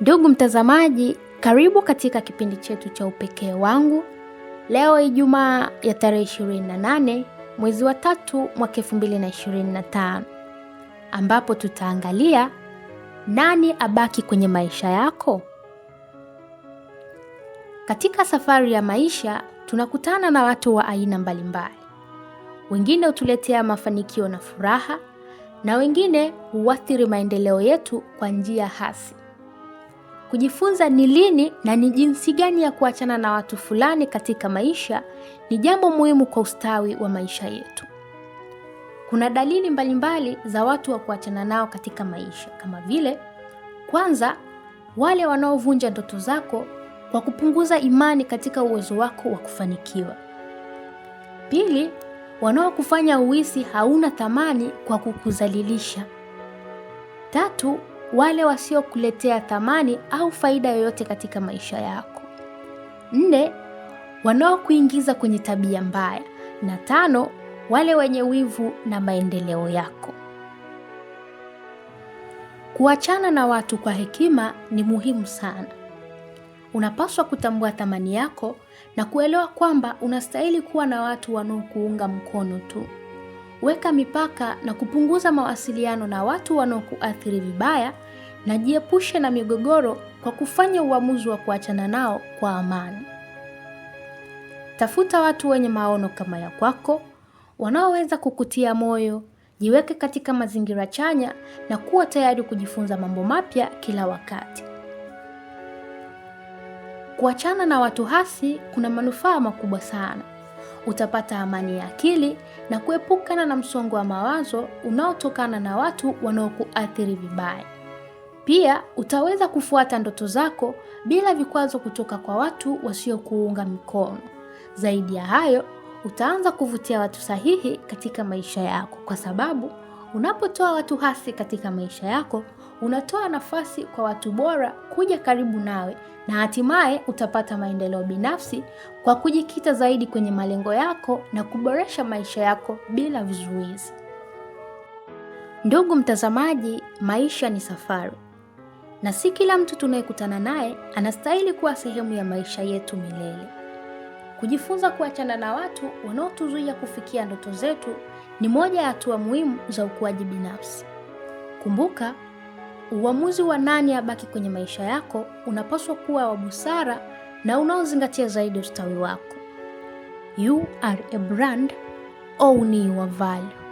Ndugu mtazamaji, karibu katika kipindi chetu cha Upekee wangu. Leo Ijumaa ya tarehe 28 mwezi wa tatu mwaka 2025, ambapo tutaangalia nani abaki kwenye maisha yako. Katika safari ya maisha tunakutana na watu wa aina mbalimbali. Wengine hutuletea mafanikio na furaha, na wengine huathiri maendeleo yetu kwa njia hasi kujifunza ni lini na ni jinsi gani ya kuachana na watu fulani katika maisha ni jambo muhimu kwa ustawi wa maisha yetu. Kuna dalili mbalimbali mbali za watu wa kuachana nao katika maisha kama vile, kwanza, wale wanaovunja ndoto zako kwa kupunguza imani katika uwezo wako wa kufanikiwa. Pili, wanaokufanya uhisi hauna thamani kwa kukuzalilisha Tatu, wale wasiokuletea thamani au faida yoyote katika maisha yako. Nne, wanaokuingiza kwenye tabia mbaya, na tano, wale wenye wivu na maendeleo yako. Kuachana na watu kwa hekima ni muhimu sana. Unapaswa kutambua thamani yako na kuelewa kwamba unastahili kuwa na watu wanaokuunga mkono tu. Weka mipaka na kupunguza mawasiliano na watu wanaokuathiri vibaya najiepushe na migogoro kwa kufanya uamuzi wa kuachana nao kwa amani. Tafuta watu wenye maono kama ya kwako, wanaoweza kukutia moyo. Jiweke katika mazingira chanya na kuwa tayari kujifunza mambo mapya kila wakati. Kuachana na watu hasi kuna manufaa makubwa sana. Utapata amani ya akili na kuepukana na msongo wa mawazo unaotokana na watu wanaokuathiri vibaya. Pia utaweza kufuata ndoto zako bila vikwazo kutoka kwa watu wasiokuunga mkono. Zaidi ya hayo, utaanza kuvutia watu sahihi katika maisha yako, kwa sababu unapotoa watu hasi katika maisha yako, unatoa nafasi kwa watu bora kuja karibu nawe na hatimaye utapata maendeleo binafsi kwa kujikita zaidi kwenye malengo yako na kuboresha maisha yako bila vizuizi. Ndugu mtazamaji, maisha ni safari na si kila mtu tunayekutana naye anastahili kuwa sehemu ya maisha yetu milele. Kujifunza kuachana na watu wanaotuzuia kufikia ndoto zetu ni moja ya hatua muhimu za ukuaji binafsi. Kumbuka, uamuzi wa nani abaki kwenye maisha yako unapaswa kuwa wa busara na unaozingatia zaidi ustawi wako. You are a brand, own your value.